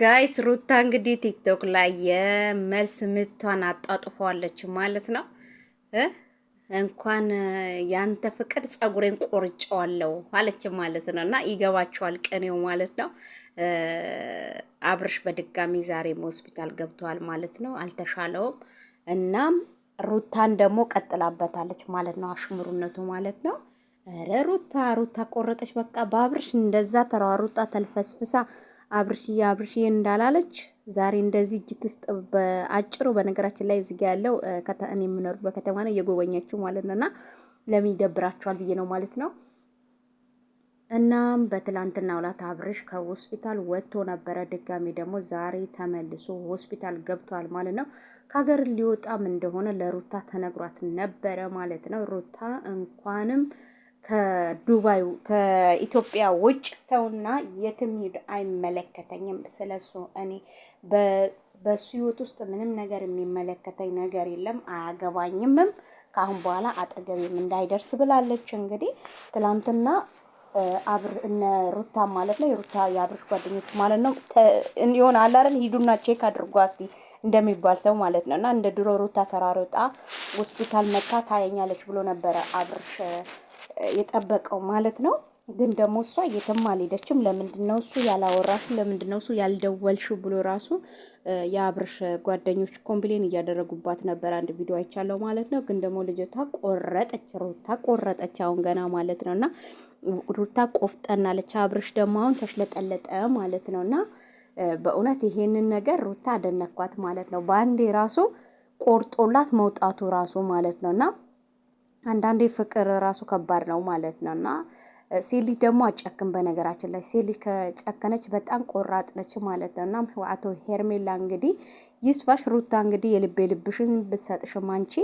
ጋይስ ሩታ እንግዲህ ቲክቶክ ላይ የመልስ ምቷን አጣጥፏለች ማለት ነው። እንኳን ያንተ ፍቅድ ጸጉሬን ቆርጬዋለሁ አለች ማለት ነው። እና ይገባቸዋል ቅኔው ማለት ነው። አብርሽ በድጋሚ ዛሬም ሆስፒታል ገብተዋል ማለት ነው። አልተሻለውም። እናም ሩታን ደግሞ ቀጥላበታለች ማለት ነው። አሽሙሩነቱ ማለት ነው። ኧረ ሩታ ሩታ ቆረጠች። በቃ በአብርሽ እንደዛ ተሯሩጣ ተልፈስፍሳ አብርሽ አብርሽ እንዳላለች ዛሬ እንደዚህ እጅ ትስጥ። በአጭሩ በነገራችን ላይ እዚህ ያለው እኔ የምኖርበት ከተማ ነው እየጎበኘችው ማለት ነው እና ለምን ይደብራቸዋል ብዬ ነው ማለት ነው። እናም በትላንትና ውላት አብርሽ ከሆስፒታል ወጥቶ ነበረ። ድጋሚ ደግሞ ዛሬ ተመልሶ ሆስፒታል ገብቷል ማለት ነው። ከሀገር ሊወጣም እንደሆነ ለሩታ ተነግሯት ነበረ ማለት ነው። ሩታ እንኳንም ከዱባይ ከኢትዮጵያ ውጭ ተውና የትም ሂድ አይመለከተኝም። ስለሱ እኔ በሱ ህይወት ውስጥ ምንም ነገር የሚመለከተኝ ነገር የለም፣ አያገባኝምም። ከአሁን በኋላ አጠገቤም እንዳይደርስ ብላለች። እንግዲህ ትላንትና አብር እነ ሩታ ማለት ነው የሩታ የአብርሽ ጓደኞች ማለት ነው የሆነ አላረን ሂዱና ቼክ አድርጎ አስቲ እንደሚባል ሰው ማለት ነው። እና እንደ ድሮ ሩታ ተራሮጣ ሆስፒታል መታ ታየኛለች ብሎ ነበረ አብርሽ የጠበቀው ማለት ነው። ግን ደግሞ እሷ የትም አልሄደችም። ለምንድን ነው እሱ ያላወራሹ? ለምንድን ነው እሱ ያልደወልሹ? ብሎ ራሱ የአብርሽ ጓደኞች ኮምፕሌን እያደረጉባት ነበር። አንድ ቪዲዮ አይቻለው ማለት ነው። ግን ደግሞ ልጅቷ ቆረጠች፣ ሩታ ቆረጠች አሁን ገና ማለት ነው። እና ሩታ ቆፍጠናለች፣ አብርሽ ደግሞ አሁን ተሽለጠለጠ ማለት ነው። እና በእውነት ይሄንን ነገር ሩታ አደነኳት ማለት ነው። በአንዴ ራሱ ቆርጦላት መውጣቱ ራሱ ማለት ነው እና አንዳንዴ ፍቅር ራሱ ከባድ ነው ማለት ነው እና ሴት ልጅ ደግሞ አጨክም። በነገራችን ላይ ሴት ልጅ ከጨከነች በጣም ቆራጥ ነች ማለት ነው እና አቶ ሄርሜላ እንግዲህ ይስፋሽ። ሩታ እንግዲህ የልቤ ልብሽን ብትሰጥሽም አንቺ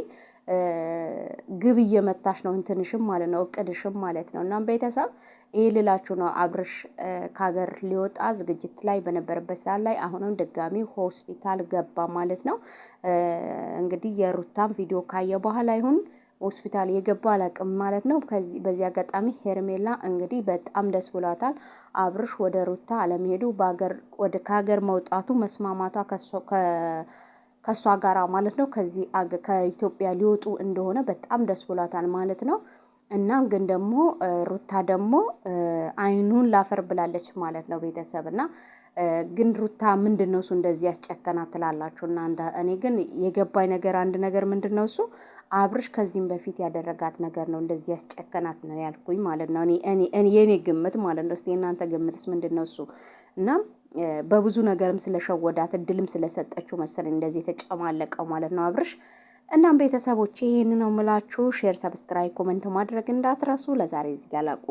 ግብ እየመታሽ ነው እንትንሽም ማለት ነው እቅድሽም ማለት ነው። እናም ቤተሰብ ይህ ልላችሁ ነው። አብርሽ ከሀገር ሊወጣ ዝግጅት ላይ በነበረበት ሰዓት ላይ አሁንም ድጋሚ ሆስፒታል ገባ ማለት ነው። እንግዲህ የሩታን ቪዲዮ ካየ በኋላ ይሁን ሆስፒታል የገባ አላቅም ማለት ነው። በዚህ አጋጣሚ ሄርሜላ እንግዲህ በጣም ደስ ብሏታል። አብርሽ ወደ ሩታ አለመሄዱ ከሀገር መውጣቱ መስማማቷ ከእሷ ጋራ ማለት ነው። ከዚህ ከኢትዮጵያ ሊወጡ እንደሆነ በጣም ደስ ብሏታል ማለት ነው። እና ግን ደግሞ ሩታ ደግሞ አይኑን ላፈር ብላለች ማለት ነው ቤተሰብ እና ግን ሩታ ምንድን ነው እሱ እንደዚህ ያስጨከናት ትላላችሁ እናንተ። እኔ ግን የገባኝ ነገር አንድ ነገር ምንድን ነው እሱ አብርሽ ከዚህም በፊት ያደረጋት ነገር ነው እንደዚህ ያስጨከናት ነው ያልኩኝ ማለት ነው። እኔ የኔ ግምት ማለት ነው። እስቲ የእናንተ ግምትስ ምንድን ነው እሱ እና በብዙ ነገርም ስለሸወዳት እድልም ስለሰጠችው መሰለኝ እንደዚህ የተጨማለቀው ማለት ነው አብርሽ እናም ቤተሰቦች ይህን ነው ምላችሁ። ሼር፣ ሰብስክራይብ፣ ኮመንት ማድረግ እንዳትረሱ። ለዛሬ እዚህ ጋር ላቁ።